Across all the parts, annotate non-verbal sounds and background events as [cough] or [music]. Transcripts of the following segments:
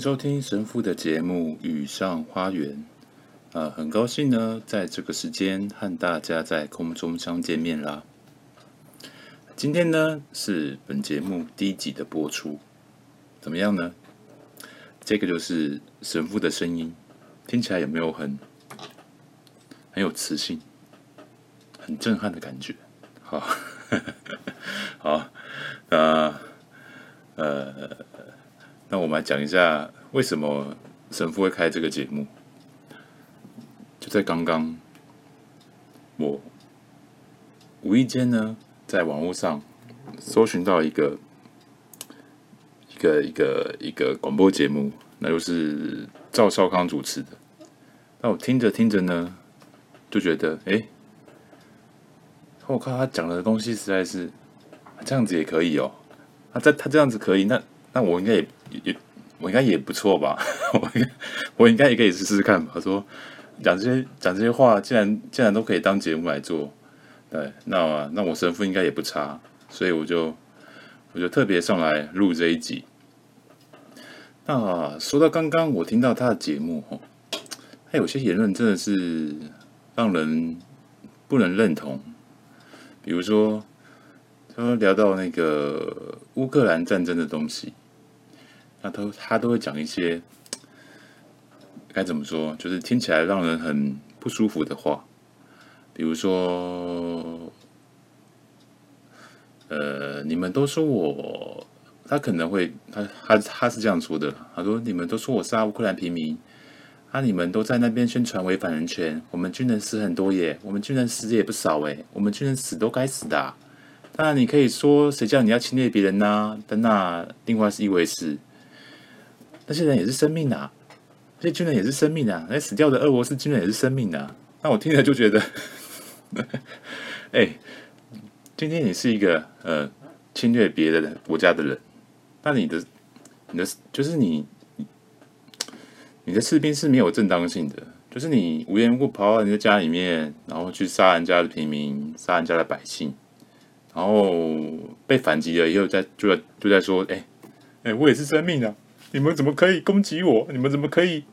收聽神父的節目《雨上花園》啊、呃，很高興呢，在這個時間和大家在空中相見面啦。今天呢是本節目第一集的播出，怎麼樣呢？這個就是神父的聲音，聽起來有沒有很很有磁性、很震撼的感覺？好， [laughs] 好，那呃。那我們來講一下，為什麼神父會開這個節目？就在剛剛，我無意間呢，在網路上搜尋到一個一個一個一個，一個廣播節目，那就是趙少康主持的。那我聽着聽着呢，就覺得，哎，我看他講的東西實在是這樣子也可以哦。那他他這樣子可以那。那我應該也也我應該也不錯吧，我 [laughs] 我應該也可以試試看吧。他說講這些講這些話，竟然竟然都可以當節目來做，對，那、啊、那我神父應該也不差，所以我就我就特別上來錄這一集。那說到剛剛我聽到他的節目，哈，他有些言論真的是讓人不能認同，比如說他聊到那個烏克蘭戰爭的東西。那都他都會講一些該怎麼說，就是聽起來讓人很不舒服的話，比如說，呃，你們都說我，他可能會他他他是這樣說的，他說你們都說我是阿烏克蘭平民，啊，你們都在那邊宣傳違反人權，我們軍人死很多耶，我們軍人死也不少誒，我們軍人死都該死的啊。當然你可以說誰叫你要侵略別人吶啊，但那另外是一回事。那些人也是生命的、啊，這些軍人也是生命的、啊。那死掉的俄羅斯軍人也是生命的、啊。那我聽了就覺得， [laughs] 哎、欸，今天你是一個呃侵略別的國家的人，那你的你的就是你你的士兵是沒有正當性的，就是你無緣無故跑到你的家裡面，然後去殺人家的平民，殺人家的百姓，然後被反擊了以後再，在就在就在說，哎、欸、哎、欸，我也是生命啊。你們怎麼可以攻擊我？你們怎麼可以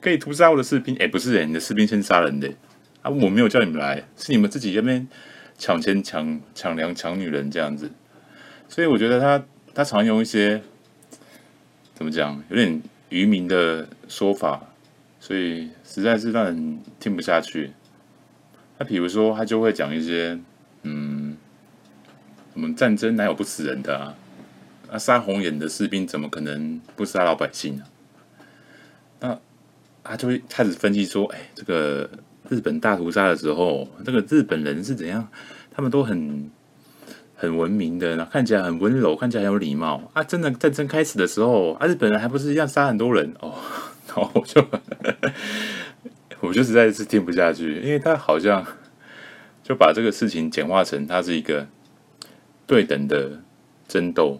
可以屠殺我的士兵？哎、欸，不是哎、欸，你的士兵先殺人的、欸、啊！我沒有叫你們來，是你們自己那邊搶錢、搶搶糧、搶女人這樣子。所以我覺得他他常用一些怎麼講，有點愚民的說法，所以實在是讓人聽不下去。他比如說，他就會講一些嗯，我們戰爭哪有不死人的啊？那、啊、殺紅眼的士兵怎麼可能不殺老百姓呢、啊？那他就會開始分析說：“哎、欸，這個日本大屠殺的時候，這個日本人是怎樣？他們都很很文明的，然後看起來很溫柔，看起來很有禮貌啊！真的戰爭開始的時候，啊，日本人還不是一樣殺很多人哦？”然後我就 [laughs] 我就實在是聽不下去，因為他好像就把這個事情簡化成它是一個對等的爭鬥。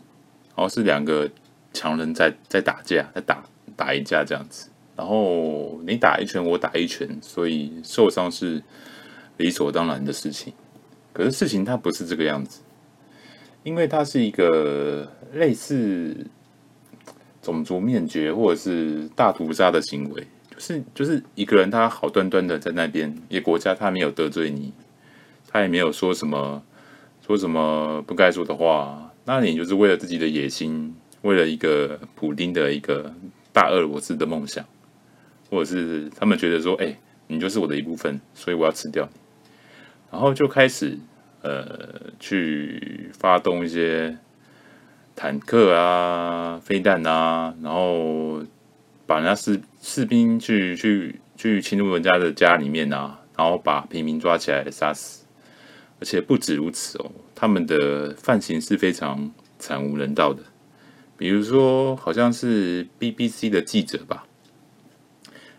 然後是兩個強人在在打架，在打打一架這樣子，然後你打一拳，我打一拳，所以受傷是理所當然的事情。可是事情它不是這個樣子，因為它是一個類似種族滅絕或者是大屠殺的行為，就是就是一個人他好端端的在那邊，一個國家他沒有得罪你，他也沒有說什麼說什麼不該說的話。那你就是為了自己的野心，為了一個普丁的一個大俄羅斯的夢想，或者是他們覺得說，哎、欸，你就是我的一部分，所以我要吃掉你，然後就開始呃去發動一些坦克啊、飛彈啊，然後把人家士士兵去去去侵入人家的家裡面啊，然後把平民抓起來殺死。而且不止如此哦，他們的犯行是非常慘無人道的。比如說，好像是 BBC 的記者吧，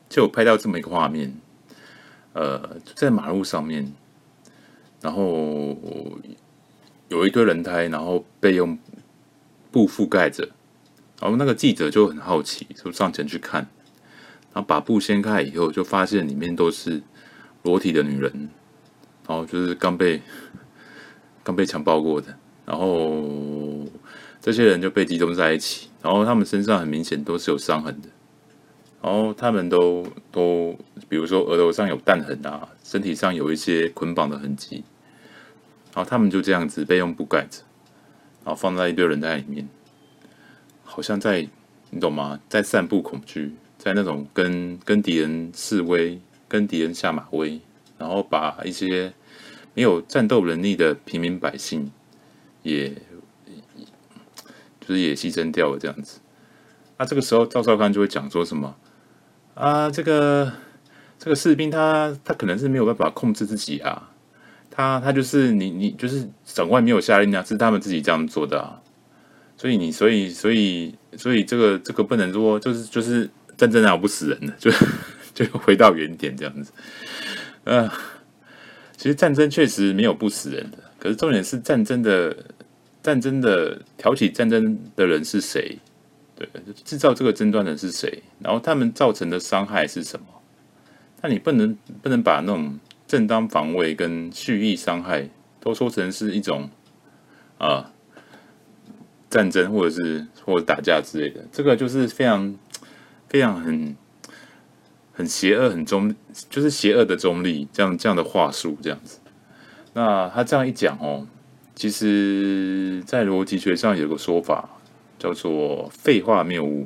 就拍到這麼一個畫面，呃，在馬路上面，然後有一堆輪胎，然後被用布覆蓋着。然後那個記者就很好奇，就上前去看，然後把布掀開以後，就發現裡面都是裸體的女人。然後就是剛被剛被強暴過的，然後這些人就被集中在一起，然後他們身上很明顯都是有傷痕的，然後他們都都比如說額頭上有彈痕啊，身體上有一些捆綁的痕跡，然後他們就這樣子被用布蓋着，然後放在一堆人在裡面，好像在，你懂嗎？在散布恐懼，在那種跟跟敵人示威，跟敵人下馬威。然後把一些沒有戰鬥能力的平民百姓也，也就是也犧牲掉了這樣子。那、啊、這個時候，趙少康就會講說什麼啊？這個這個士兵他他可能是沒有辦法控制自己啊，他他就是你你就是長官沒有下令啊，是他們自己這樣做的、啊。所以你所以所以所以，所以這個這個不能說就是就是戰爭啊，不死人的，就就回到原點這樣子。啊、呃，其實戰爭確實沒有不死人的，可是重點是戰爭的戰爭的挑起戰爭的人是誰？對，製造這個爭端的人是誰？然後他們造成的傷害是什麼？那你不能不能把那種正當防衛跟蓄意傷害都說成是一種啊、呃、戰爭或者是或者打架之類的，這個就是非常非常很。很邪惡，很中，就是邪惡的中立，這樣這樣的話術，這樣子。那他這樣一講哦，其實在邏輯學上有個說法叫做“廢話謬誤”，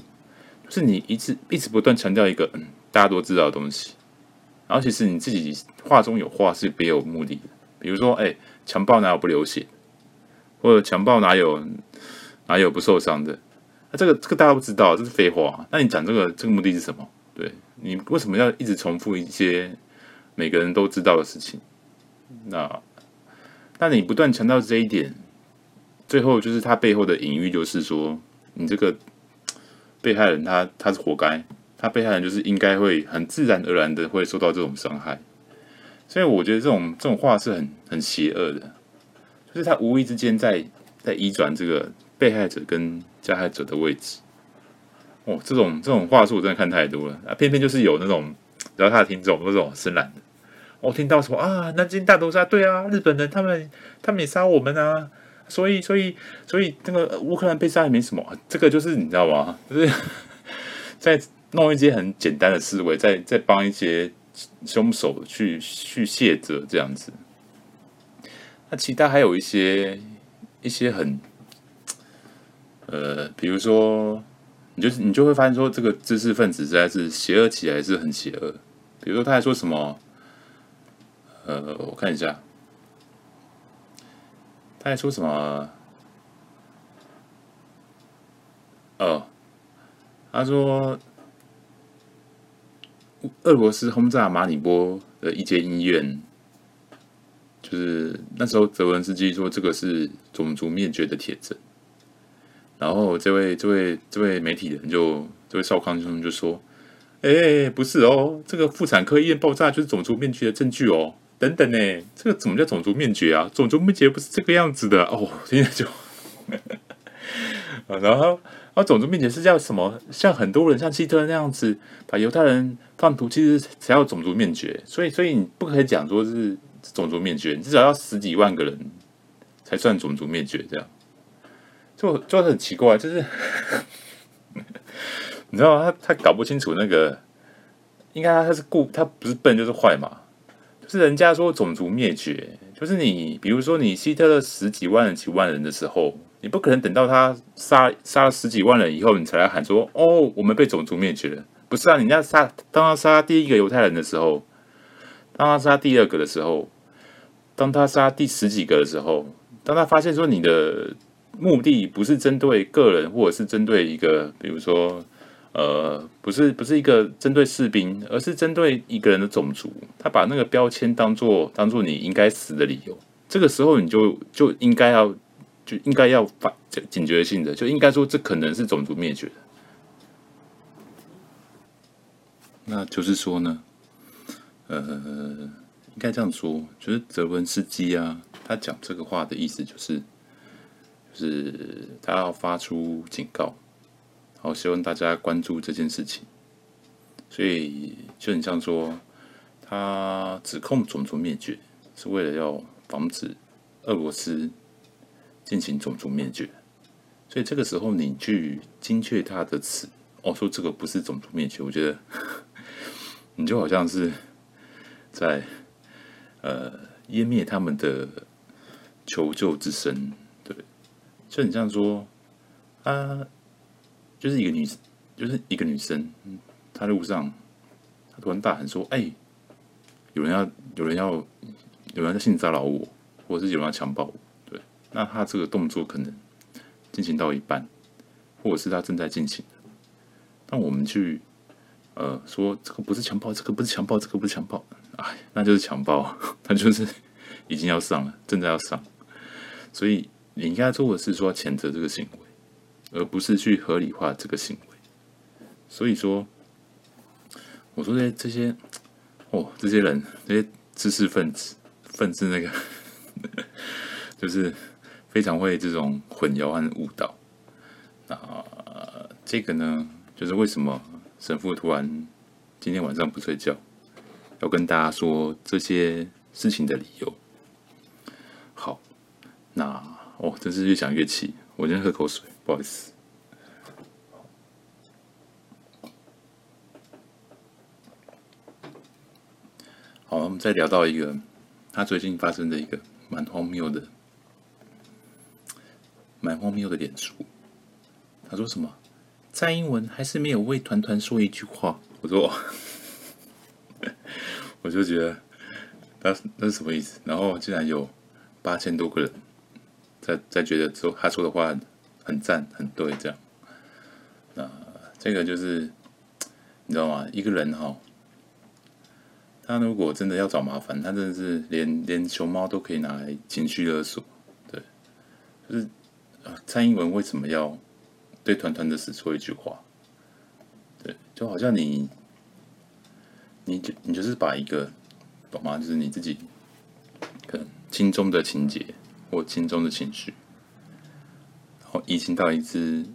就是你一直一直不斷強調一個嗯，大家都知道的東西，然後其實你自己話中有話，是別有目的，的。比如說，哎，強暴哪有不流血，或者強暴哪有哪有不受傷的？那、啊、這個這個大家都知道，這是廢話。那你講這個這個目的是什麼？對。你為什麼要一直重複一些每個人都知道的事情？那，那你不斷強調這一點，最後就是他背後的隱喻，就是說你這個被害人他他是活該，他被害人就是應該會很自然而然的會受到這種傷害。所以我覺得這種這種話是很很邪惡的，就是他無意之間在在移轉這個被害者跟加害者的位置。哦，這種這種話術我真的看太多了啊！偏偏就是有那種，只要他的聽眾那種深藍的，我、哦、聽到什麼啊，南京大屠殺，對啊，日本人他們他們也殺我們啊，所以所以所以那個烏克蘭被殺也沒什麼，啊、這個就是你知道吧？就是呵呵在弄一些很簡單的思維，在在幫一些兇手去去卸責這樣子。那、啊、其他還有一些一些很呃，比如說。你就是你就會發現說，這個知識分子實在是邪惡起來是很邪惡。比如說，他還說什麼？呃，我看一下，他還說什麼？哦、呃，他說俄羅斯轟炸馬里波的一間醫院，就是那時候澤連斯基說這個是種族滅絕的鐵證。然後這位這位這位媒體的人就這位少康兄就說：「哎、欸欸，不是哦，這個婦產科醫院爆炸就是種族滅絕的證據哦，等等呢，這個怎麼叫種族滅絕啊？種族滅絕不是這個樣子的哦。」現在就， [laughs] 然後啊，種族滅絕是叫什麼？像很多人像希特勒那樣子把猶太人放毒，其實才叫種族滅絕。所以，所以你不可以講說是種族滅絕，至少要十幾萬個人才算種族滅絕這樣。就就很奇怪，就是 [laughs] 你知道嗎？他他搞不清楚那個，應該他他是故，他不是笨就是壞嘛。就是人家說種族滅絕，就是你比如說你希特勒十幾萬人幾萬人的時候，你不可能等到他殺殺了十幾萬人以後，你才來喊說：“哦，我們被種族滅絕了。”不是啊，人家殺，當他殺第一個猶太人的時候，當他殺第二個的時候，當他殺第十幾個的時候，當他發現說你的。目的不是針對個人，或者是針對一個，比如說，呃，不是，不是一個針對士兵，而是針對一個人的種族。他把那個標籤當做當做你應該死的理由。這個時候你就就應該要就應該要反警覺性的，就應該說，這可能是種族滅絕的。那就是說呢，呃，應該這樣說，就是澤文斯基啊，他講這個話的意思就是。就是，他要發出警告，好，希望大家關注這件事情。所以就很像說，他指控種族滅絕是為了要防止俄羅斯進行種族滅絕。所以這個時候，你去精確他的詞，哦，說這個不是種族滅絕，我覺得 [laughs] 你就好像是在呃，湮滅他們的求救之聲。就你這樣說，啊，就是一個女，就是一個女生，她路上，她突然大喊說：“哎、欸，有人要，有人要，有人在性騷擾我，或者是有人要強暴我。”對，那她這個動作可能進行到一半，或者是她正在進行。那我們去，呃，說這個不是強暴，這個不是強暴，這個不是強暴，哎，那就是強暴，他就是已經要上了，正在要上，所以。你應該做的是說譴責這個行為，而不是去合理化這個行為。所以說，我說的這些，哦，這些人，這些知識分子分子，那個呵呵，就是非常會這種混淆和誤導。那這個呢，就是為什麼神父突然今天晚上不睡覺，要跟大家說這些事情的理由。好，那。哦，真是越想越氣。我先喝口水，不好意思。好，我們再聊到一個他最近發生的一個蠻荒謬的、蠻荒謬的臉書，他說什麼？蔡英文還是沒有為團團說一句話。我說，哦、 [laughs] 我就覺得，那那是什麼意思？然後竟然有八千多個人。再再覺得說他說的話很讚很，很對這樣，那、呃、這個就是你知道嗎？一個人哈，他如果真的要找麻煩，他真的是連連熊貓都可以拿來情緒勒索，對，就是啊、呃，蔡英文為什麼要對團團的死說一句話？對，就好像你，你就你就是把一個寶媽就是你自己，可能心中的情節。我心中的情緒，然後移情到一隻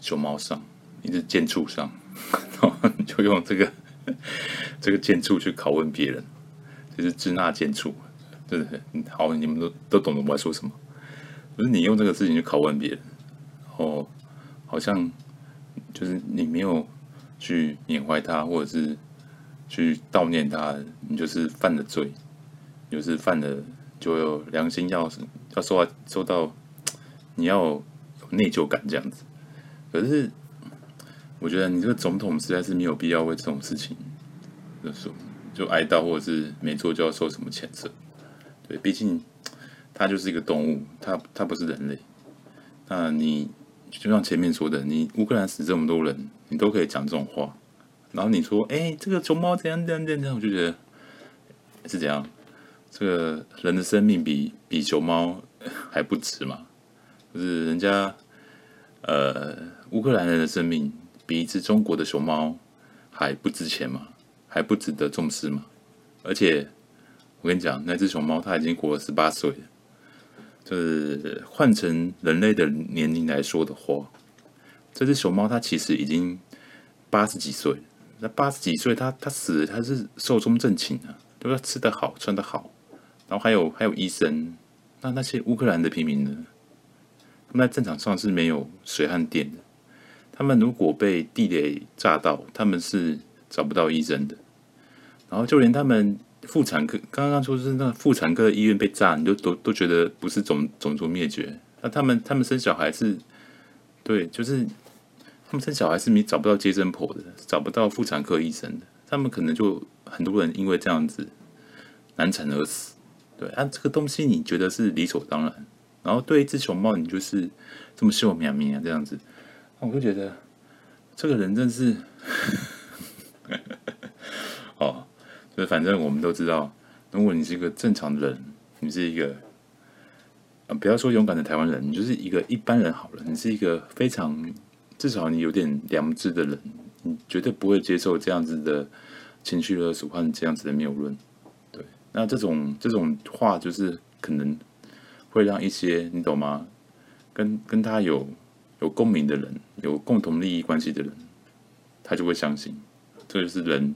熊貓上，一隻賤畜上，然後就用這個這個賤畜去拷問別人，就是支那賤畜，對不對？好，你們都都懂得我在說什麼。不是你用這個事情去拷問別人，然後好像就是你沒有去緬懷他，或者是去悼念他，你就是犯了罪，你就是犯了。就有良心要什麼，要受啊，受到，你要有內疚感這樣子。可是，我覺得你這個總統實在是沒有必要為這種事情，就說就哀悼，或者是沒做就要受什麼譴責。對，畢竟它就是一個動物，它它不是人類。那你就像前面說的，你烏克蘭死這麼多人，你都可以講這種話，然後你說哎、欸，這個熊貓怎，怎樣怎樣怎樣，我就覺得是這樣。這個人的生命比比熊貓還不值嘛？就是人家呃，烏克蘭人的生命比一隻中國的熊貓還不值錢嘛？還不值得重視嘛？而且我跟你講，那只熊貓它已經過了十八歲了，就是換成人類的年齡來說的話，這只熊貓它其實已經八十幾歲。那八十幾歲它，它它死它是壽終正寢啊！對吧？吃得好，穿得好。然後還有還有醫生，那那些烏克蘭的平民呢？他們在戰場上是沒有水和電的。他們如果被地雷炸到，他們是找不到醫生的。然後就連他們婦產科，剛剛說是那婦產科的醫院被炸，你就都都覺得不是種種族滅絕。那他們他們生小孩是，對，就是他們生小孩是沒找不到接生婆的，找不到婦產科醫生的，他們可能就很多人因為這樣子難產而死。啊，這個東西你覺得是理所當然？然後對一隻熊貓，你就是這麼秀喵喵這樣子，我就覺得這個人真是…… [laughs] 哦，就反正我們都知道，如果你是一個正常的人，你是一個呃、不要說勇敢的台灣人，你就是一個一般人好了，你是一個非常至少你有點良知的人，你絕對不會接受這樣子的情緒勒索和這樣子的謬論。那這種這種話，就是可能會讓一些你懂嗎？跟跟他有有共鳴的人，有共同利益關係的人，他就會相信。這就是人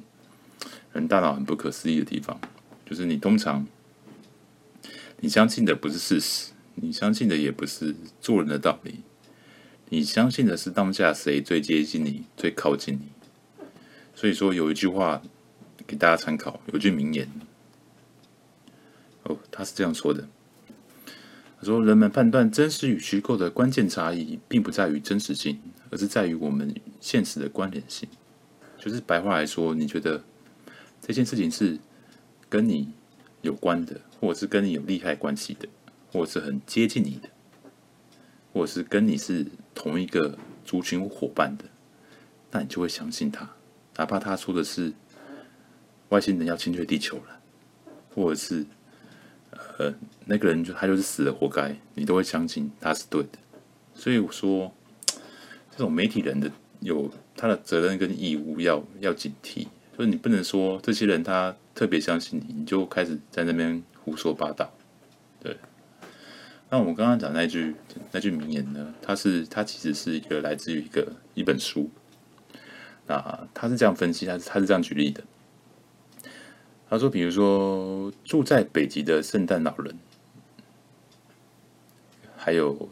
人大腦很不可思議的地方，就是你通常你相信的不是事實，你相信的也不是做人的道理，你相信的是當下誰最接近你，最靠近你。所以說有一句話給大家參考，有句名言。哦，他是這樣說的：“他說，人們判斷真實與虛構的關鍵差異，並不在於真實性，而是在於我們現實的關聯性。就是白話來說，你覺得這件事情是跟你有關的，或者是跟你有利害關係的，或者是很接近你的，或者是跟你是同一個族群夥伴的，那你就會相信他，哪怕他說的是外星人要侵略地球了，或者是……”呃，那個人就他就是死了，活該，你都會相信他是對的。所以我說，這種媒體人的有他的責任跟義務要要警惕，所以你不能說這些人他特別相信你，你就開始在那邊胡說八道。對。那我們剛剛講那句那句名言呢，它是它其實是一個來自於一個一本書，那他是這樣分析，他是他是這樣舉例的。他說：“比如說，住在北極的聖誕老人，還有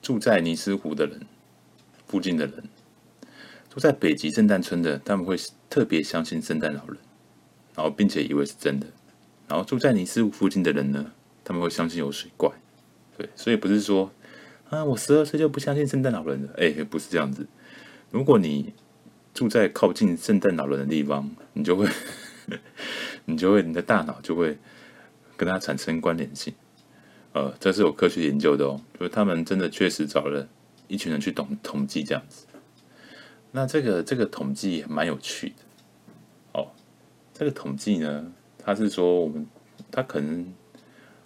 住在尼斯湖的人附近的人，住在北極聖誕村的他們會特別相信聖誕老人，然後並且以為是真的。然後住在尼斯湖附近的人呢，他們會相信有水怪。對，所以不是說啊，我十二歲就不相信聖誕老人了。哎、欸，不是這樣子。如果你住在靠近聖誕老人的地方，你就會。” [laughs] 你就會，你的大腦就會跟它產生關聯性，呃，這是有科學研究的哦，就是他們真的確實找了一群人去統統計這樣子。那這個這個統計蠻有趣的哦，這個統計呢，他是說我們他可能，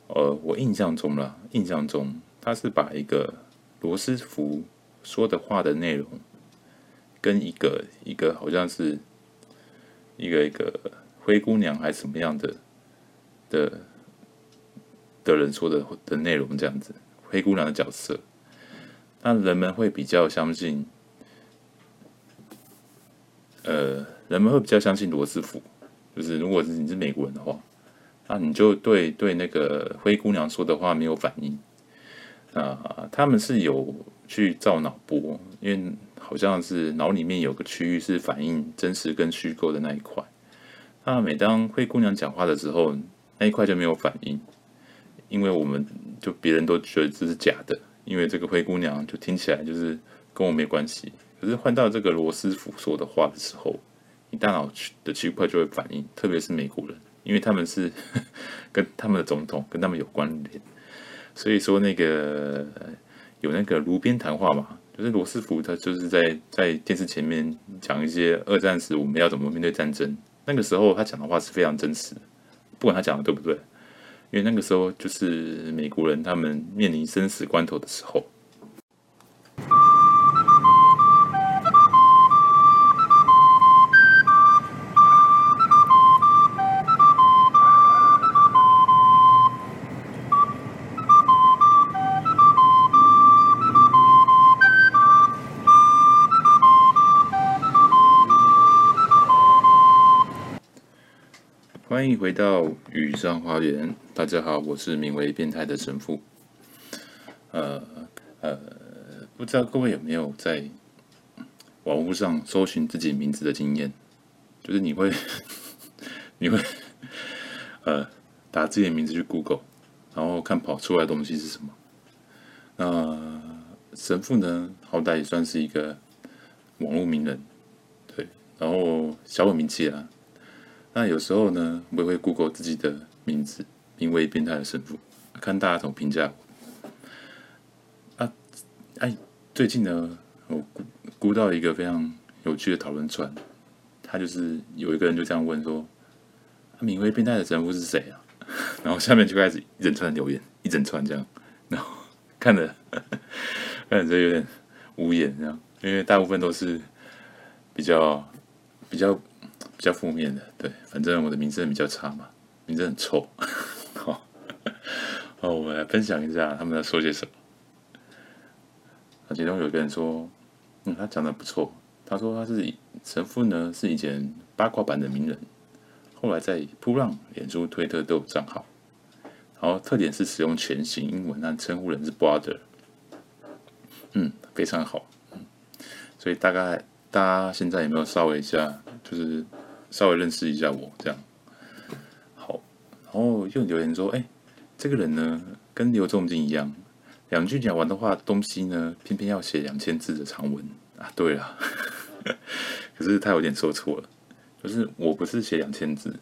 呃，我印象中啦，印象中他是把一個羅斯福說的話的內容，跟一個一個好像是一個一個。灰姑娘還是什麼樣的的的人說的的內容這樣子？灰姑娘的角色，那人們會比較相信，呃，人們會比較相信羅斯福。就是如果你是美國人的話，那你就對對那個灰姑娘說的話沒有反應。啊、呃，他們是有去照腦波，因為好像是腦裡面有個區域是反映真實跟虛構的那一塊。那每當灰姑娘講話的時候，那一塊就沒有反應，因為我們就別人都覺得這是假的，因為這個灰姑娘就聽起來就是跟我沒關係。可是換到這個羅斯福說的話的時候，你大腦的區塊就會反應，特別是美國人，因為他們是跟他們的總統跟他們有關聯，所以說那個有那個爐邊談話嘛。就是羅斯福他就是在在電視前面講一些二戰時我們要怎麼面對戰爭。那個時候他講的話是非常真實，不管他講的對不對，因為那個時候就是美國人他們面臨生死關頭的時候。回到雨上花園，大家好，我是名為變態的神父。呃呃，不知道各位有沒有在網路上搜尋自己名字的經驗？就是你會，你會，呃，打自己的名字去 Google，然後看跑出來的東西是什麼。那、呃、神父呢，好歹也算是一個網絡名人，對，然後小有名氣啦、啊。那有時候呢，我也會 Google 自己的名字，名為“變態的神父”，看大家怎麼評價我。啊，哎、啊，最近呢，我估估到一個非常有趣的討論串，他就是有一個人就這樣問說：“啊、名為‘變態的神父’是誰啊？”然後下面就開始一整串留言，一整串這樣，然後看着呵呵看着有點無言，這樣，因為大部分都是比較比較。比較負面的，對，反正我的名聲比較差嘛，名字很臭。好， [laughs] 好，我們來分享一下他們在說些什麼。其中有一個人說：“嗯，他講得不錯。他說他是神父呢，是以前八卦版的名人，後來在噗浪、臉書、推特都有賬號。然後特點是使用全形英文，但稱呼人是 brother。嗯，非常好。嗯，所以大概大家現在有沒有稍微一下，就是？”稍微認識一下我這樣，好，然後又留言說：“哎、欸，這個人呢，跟劉仲敬一樣，兩句講完的話，東西呢，偏偏要寫兩千字的長文啊。”對啦。 [laughs] 可是他有點說錯了，可、就是我不是寫兩千字，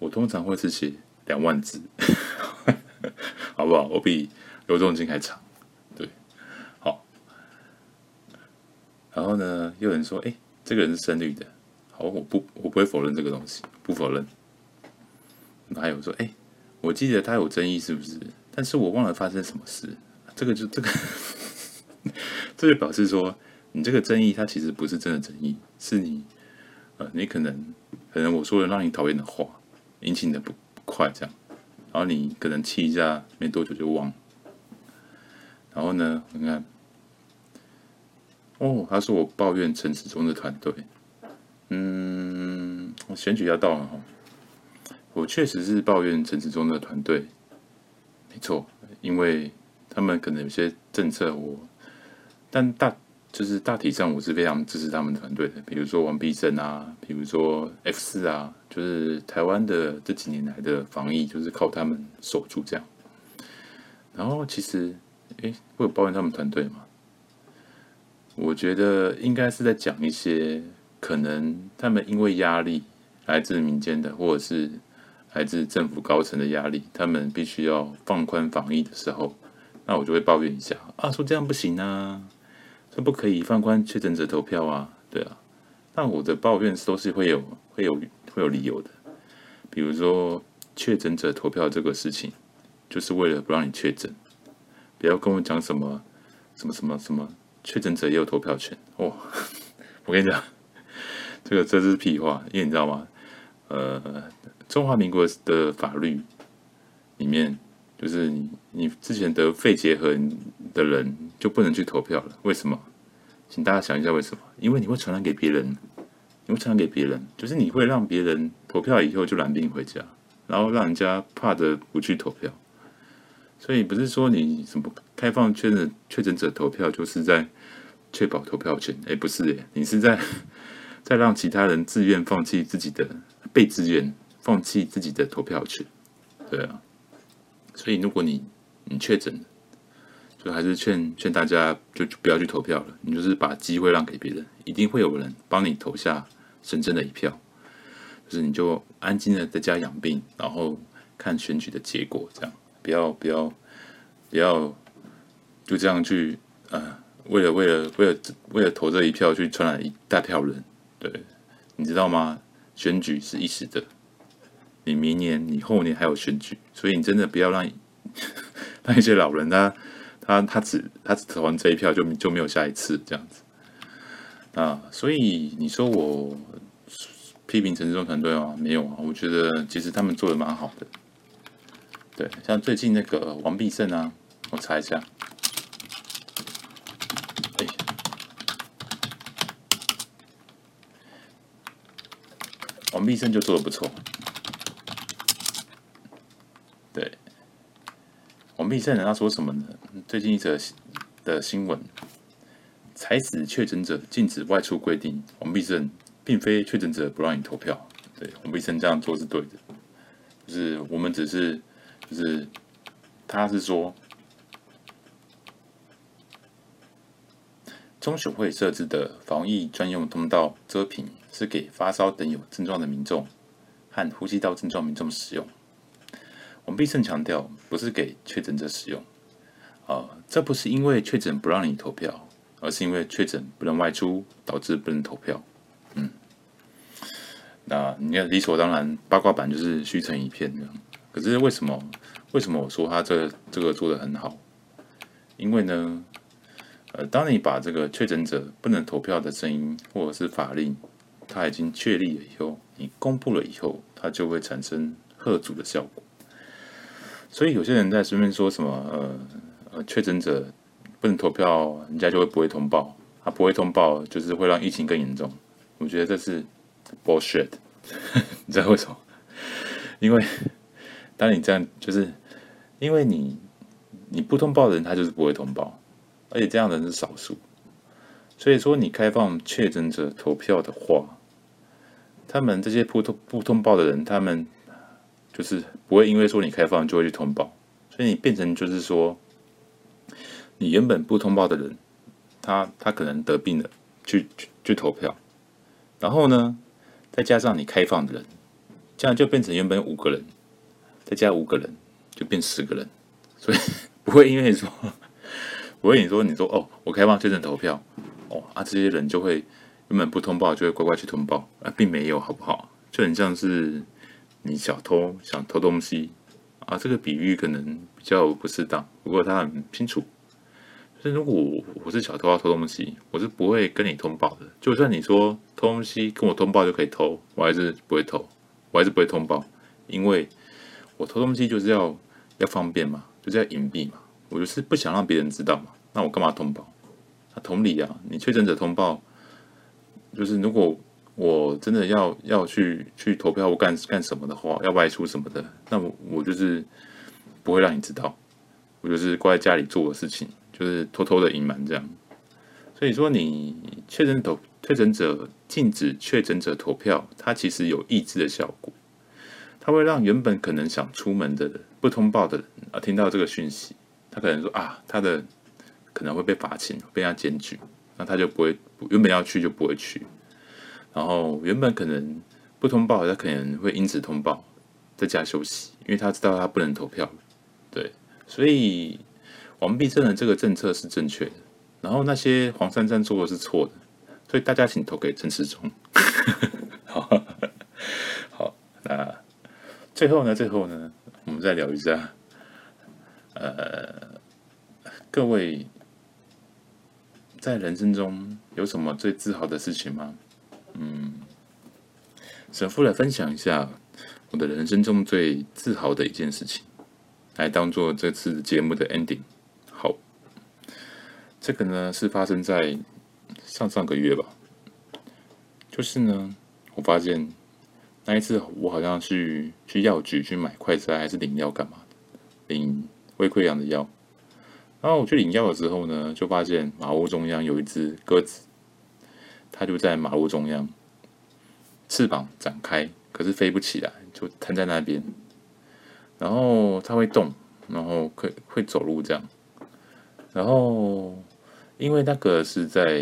我通常會是寫兩萬字， [laughs] 好不好？我比劉仲敬還長，對，好。然後呢，又有人說：“哎、欸，這個人是深綠的。”好，我不，我不會否認這個東西，不否認。哪有說？哎、欸，我記得他有爭議是不是？但是我忘了發生什麼事。這個就這個， [laughs] 這就表示說，你這個爭議它其實不是真的爭議，是你，呃，你可能，可能我說了讓你討厭的話，引起你的不，不快這樣，然後你可能氣一下，沒多久就忘了。然後呢，你看，哦，他說我抱怨陳時中的團隊。嗯，我選舉要到了哈，我確實是抱怨陳時中的團隊，沒錯，因為他們可能有些政策我，但大就是大體上我是非常支持他們團隊的，比如說王必勝啊，比如說 F4 啊，就是台灣的這幾年來的防疫就是靠他們守住這樣，然後其實哎，會、欸、有抱怨他們團隊嗎？我覺得應該是在講一些。可能他們因為壓力來自民間的，或者是來自政府高層的壓力，他們必須要放寬防疫的時候，那我就會抱怨一下啊，說這樣不行啊，說不可以放寬確診者投票啊，對啊，那我的抱怨都是會有會有會有理由的，比如說確診者投票這個事情，就是為了不讓你確診，不要跟我講什麼什麼什麼什麼確診者也有投票權哦，我跟你講。這個，這是屁話，因為你知道嗎？呃，中華民國的法律裡面，就是你你之前得肺結核的人就不能去投票了。為什麼？請大家想一下為什麼？因為你會傳染給別人，你會傳染給別人，就是你會讓別人投票以後就染病回家，然後讓人家怕的不去投票。所以不是說你什麼開放確診確診者投票，就是在確保投票權。誒、欸，不是誒，你是在。再讓其他人自願放棄自己的被自願放棄自己的投票權，對啊。所以，如果你你確診了，就還是勸勸大家就，就不要去投票了。你就是把機會讓給別人，一定會有人幫你投下神聖的一票。就是你就安靜的在家養病，然後看選舉的結果，這樣不要不要不要就這樣去啊、呃！為了為了為了為了投這一票去傳染一大票人。對，你知道嗎？選舉是一時的，你明年，你後年還有選舉，所以你真的不要讓那些老人啊，他他只他只投完這一票就就沒有下一次這樣子啊。所以你說我批評陳時中團隊嗎？沒有啊，我覺得其實他們做的蠻好的。對，像最近那個王必勝啊，我查一下。王必勝，就做的不錯，對。王必勝他說什麼呢？最近一則的新聞，採死確診者禁止外出規定，王必勝並非確診者不讓你投票，對，王必勝這樣做是對的，就是我們只是，就是他是說。中選會設置的防疫專用通道遮屏是給發燒等有症狀的民眾和呼吸道症狀民眾使用。我們必勝強調，不是給確診者使用。啊、呃，這不是因為確診不讓你投票，而是因為確診不能外出，導致不能投票。嗯，那你看理所當然八卦版就是噓聲一片。可是為什麼？為什麼我說他這這個做得很好？因為呢？呃，當你把這個確診者不能投票的聲音或者是法令，他已經確立了以後，你公布了以後，它就會產生嚇阻的效果。所以有些人在身邊說什麼，呃呃，確診者不能投票，人家就會不會通報，他不會通報，就是會讓疫情更嚴重。我覺得這是 bullshit， [laughs] 你知道為什麼？因為當你這樣，就是因為你你不通報的人，他就是不會通報。而且這樣的人是少數，所以說你開放確診者投票的話，他們這些不通不通報的人，他們就是不會因為說你開放就會去通報，所以你變成就是說，你原本不通報的人他，他他可能得病了去去、去投票，然後呢，再加上你開放的人，這樣就變成原本五個人，再加五個人就變十個人，所以不會因為說。我跟你說，你說哦，我開放確診投票，哦啊，這些人就會原本不通報，就會乖乖去通報啊，並沒有，好不好？就很像是你小偷想偷東西啊，這個比喻可能比較不適當。不過他很清楚，就是如果我是小偷啊，偷東西，我是不會跟你通報的。就算你說偷東西跟我通報就可以偷，我還是不會偷，我還是不會通報，因為我偷東西就是要要方便嘛，就是要隱蔽嘛，我就是不想讓別人知道嘛。那我幹嘛通報？啊，同理啊，你確診者通報，就是如果我真的要要去去投票或幹幹什麼的話，要外出什麼的，那我我就是不會讓你知道，我就是關在家裡做的事情，就是偷偷的隱瞞這樣。所以說，你確診投確診者禁止確診者投票，它其實有抑制的效果，它會讓原本可能想出門的人、不通報的人啊，聽到這個訊息，他可能說啊，他的。可能會被罰錢，被人家檢舉，那他就不會不原本要去就不會去，然後原本可能不通報，他可能會因此通報，在家休息，因為他知道他不能投票，對，所以王必勝的這個政策是正確的，然後那些黃珊珊做的是錯的，所以大家請投給陳時中。 [laughs] 好，好，那最後呢？最後呢？我們再聊一下，呃，各位。在人生中有什麼最自豪的事情嗎？嗯，神父來分享一下我的人生中最自豪的一件事情，來當做這次節目的 ending。好，這個呢是發生在上上個月吧，就是呢我發現那一次我好像去去藥局去買快篩還是領藥幹嘛？領胃潰瘍的藥。然後我去領藥的時候呢，就發現馬路中央有一隻鴿子，它就在馬路中央，翅膀展開，可是飛不起來，就癱在那邊。然後它會動，然後會會走路這樣。然後因為那個是在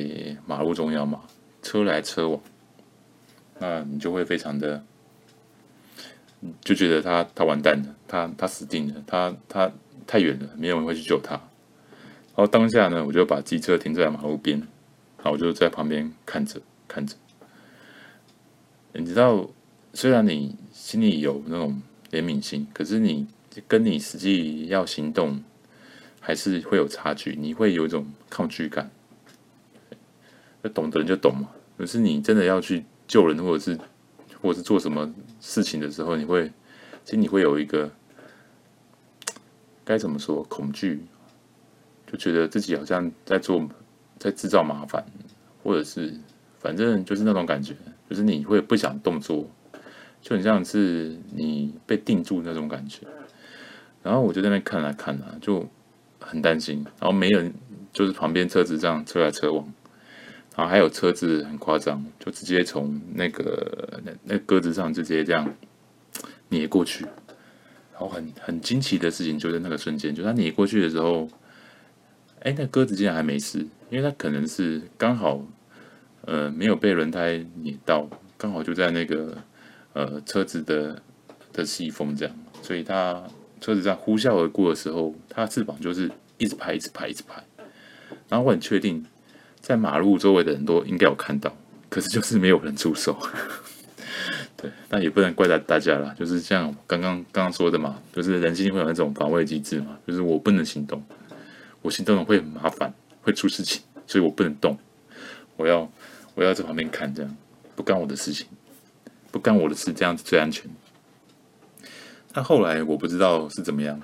馬路中央嘛，車來車往，那你就會非常的就覺得它，它完蛋了，它，它死定了，它，它，它太遠了，沒有人會去救它。然後當下呢，我就把機車停在馬路邊，好，我就在旁邊看着看着。你知道，雖然你心裡有那種憐憫心，可是你跟你實際要行動，還是會有差距，你會有一種抗拒感。懂的人就懂嘛，可是你真的要去救人，或者是或者是做什麼事情的時候，你會，其實你會有一個，該怎麼說，恐懼。就覺得自己好像在做，在製造麻煩，或者是反正就是那種感覺，就是你會不想動作，就很像是你被定住那種感覺。然後我就在那看來看來就很擔心。然後沒人，就是旁邊車子這樣車來車往，然後還有車子很誇張，就直接從那個那那鴿子上直接這樣碾過去。然後很很驚奇的事情就在那個瞬間，就他碾過去的時候。哎，那鴿子竟然還沒死，因為它可能是剛好，呃，沒有被輪胎碾到，剛好就在那個呃車子的的西風這樣，所以它車子在呼嘯而過的時候，它翅膀就是一直拍，一直拍，一直拍。然後我很確定，在馬路周圍的人都應該有看到，可是就是沒有人出手。 [laughs] 對，那也不能怪大大家啦，就是像剛剛剛剛說的嘛，就是人性會有那種防衛機制嘛，就是我不能行動。我心動會很麻煩，會出事情，所以我不能動。我要我要在旁邊看著，不干我的事情，不干我的事，這樣子最安全。但後來我不知道是怎麼樣，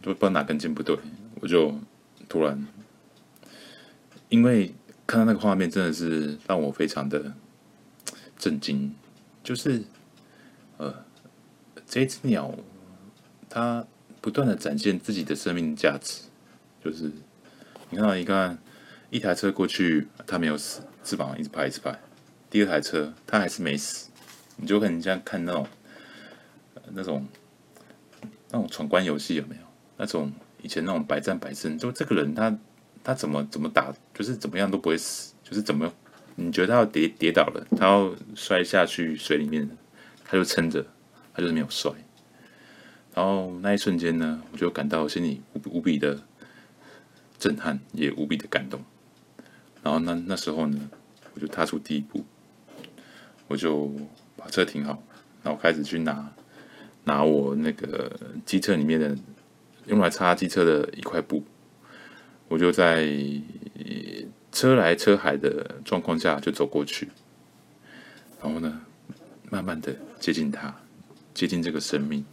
就不知道哪根筋不對，我就突然，因為看到那個畫面，真的是讓我非常的震驚。就是，呃，這隻鳥，它不斷的展現自己的生命價值。就是，你看到，一個，一台車過去，它沒有死，翅膀一直拍，一直拍。第二台車，它還是沒死。你就很像看那種、那種、那種闖關遊戲，有沒有？那種以前那種百戰百勝，就這個人他他怎麼怎麼打，就是怎麼樣都不會死，就是怎麼你覺得他要跌跌倒了，他要摔下去水裡面，他就撐着，他就是沒有摔。然後那一瞬間呢，我就感到心裡無無比的，震撼，也無比的感動，然後那那時候呢，我就踏出第一步，我就把車停好，然後開始去拿拿我那個機車裡面的用來擦機車的一塊布，我就在車來車海的狀況下就走過去，然後呢，慢慢的接近他，接近這個生命，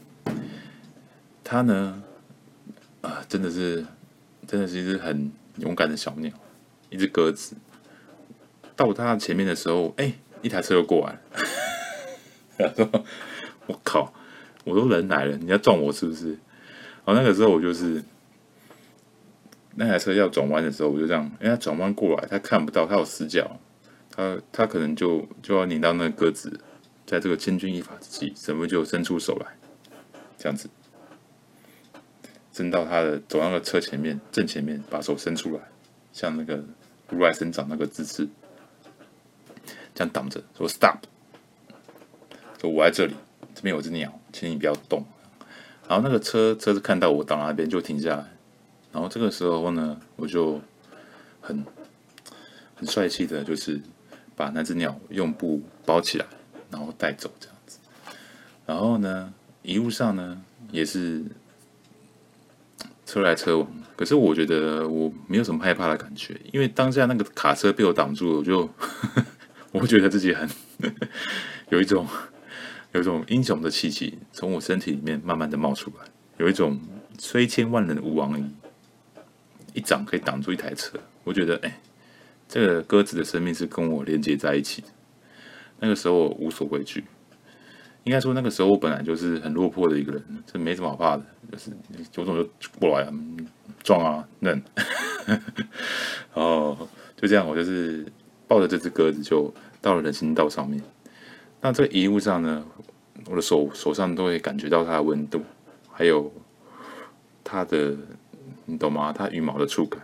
他呢，啊、呃，真的是。真的是一隻很勇敢的小鳥，一隻鴿子。到它前面的時候，哎、欸，一台車又過來了，然 [laughs] 後我靠，我都人來了，你要撞我是不是？然後那個時候我就是，那台車要轉彎的時候，我就這樣，人家轉彎過來，他看不到，他有死角，他他可能就就要擰到那個鴿子，在這個千鈞一髮之際，神父就伸出手來，這樣子。伸到他的，走到那個車前面，正前面，把手伸出來，像那個如來神掌那個姿勢，這樣擋着，說 stop，說我在這裡，這邊有隻鳥，請你不要動。然後那個車車子看到我擋那邊就停下來。然後這個時候呢，我就很很帥氣的，就是把那只鳥用布包起來，然後帶走這樣子。然後呢，一路上呢，也是。車來車往，可是我覺得我沒有什麼害怕的感覺，因為當下那個卡車被我擋住了，我就 [laughs] 我覺得自己很 [laughs] 有一種有一種英雄的氣息從我身體裡面慢慢的冒出來，有一種雖千萬人吾往矣，一掌可以擋住一台車，我覺得哎，這個鴿子的生命是跟我連接在一起的，那個時候我無所畏懼。應該說，那個時候我本來就是很落魄的一個人，這沒什麼好怕的，就是有種就過來啊，撞啊，嫩。 [laughs] 然後就這樣，我就是抱着這隻鴿子就到了人行道上面。那這個遺物上呢，我的手手上都會感覺到它的溫度，還有它的，你懂嗎？它羽毛的觸感。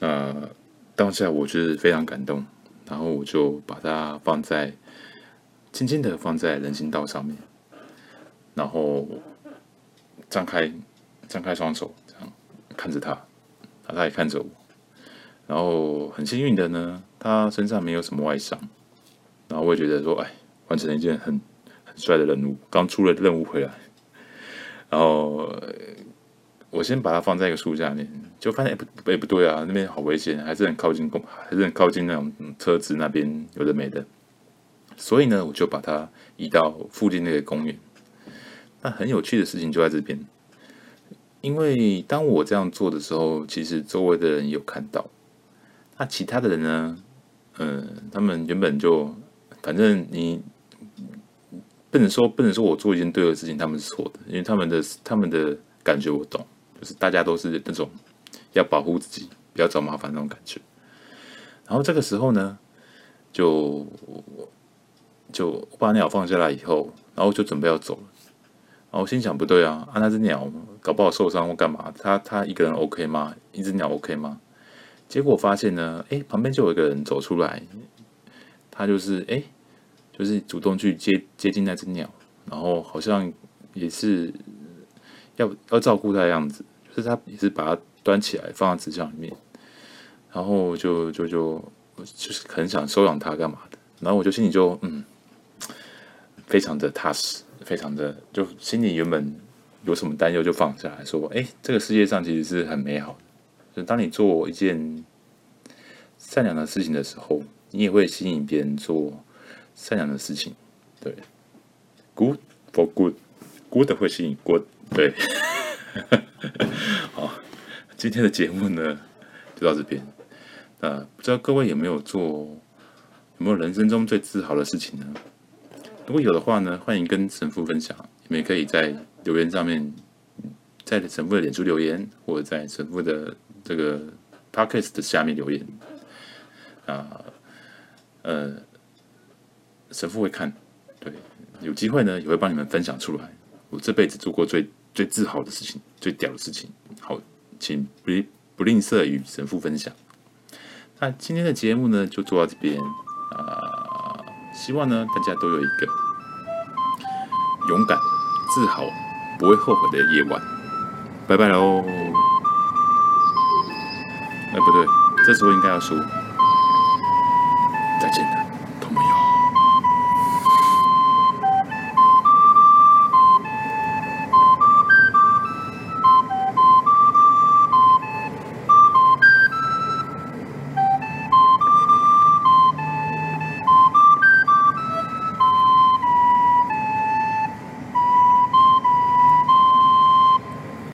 呃，當下我就是非常感動，然後我就把它放在。輕輕的放在人行道上面，然後張開張開雙手，這樣看着他，他也看着我。然後很幸運的呢，他身上沒有什麼外傷。然後我也覺得說，哎，完成了一件很很帥的任務，剛出了任務回來。然後我先把它放在一個樹下面，就發現哎不，哎不對啊，那邊好危險，還是很靠近公，還是很靠近那種車子那邊，有的沒的。所以呢，我就把它移到附近那個公園。那很有趣的事情就在這邊，因為當我這樣做的時候，其實周圍的人有看到。那其他的人呢？嗯、呃，他們原本就反正你不能說不能說我做一件對的事情，他們是錯的，因為他們的他們的感覺我懂，就是大家都是那種要保護自己、不要找麻煩的那種感覺。然後這個時候呢，就。就把鳥放下來以後，然後就準備要走了，然後我心想不對啊，啊那隻鳥搞不好受傷或幹嘛，它它一個人 OK 嗎？一隻鳥 OK 嗎？結果我發現呢，誒，旁邊就有一個人走出來，他就是誒，就是主動去接接近那隻鳥，然後好像也是要要照顧它的樣子，就是他也是把它端起來放在紙箱裡面，然後就就就就是很想收養它幹嘛的，然後我就心裡就嗯。非常的踏實，非常的就心裡原本有什麼擔憂就放下來說，哎，這個世界上其實是很美好的。就當你做一件善良的事情的時候，你也會吸引別人做善良的事情。對，good for good，good 會吸引 good, good。對， [laughs] 好，今天的節目呢就到這邊。那不知道各位有沒有做有沒有人生中最自豪的事情呢？如果有的話呢，歡迎跟神父分享。你們也可以在留言上面，在神父的臉書留言，或者在神父的這個 podcast 的下面留言啊，呃。呃，神父會看，對，有機會呢也會幫你們分享出來。我這輩子做過最最自豪的事情，最屌的事情，好，請不不吝嗇與神父分享。那今天的節目呢，就做到這邊啊。呃希望呢，大家都有一個勇敢、自豪、不會後悔的夜晚。拜拜嘍！哎、欸，不對，這次我應該要輸。再見。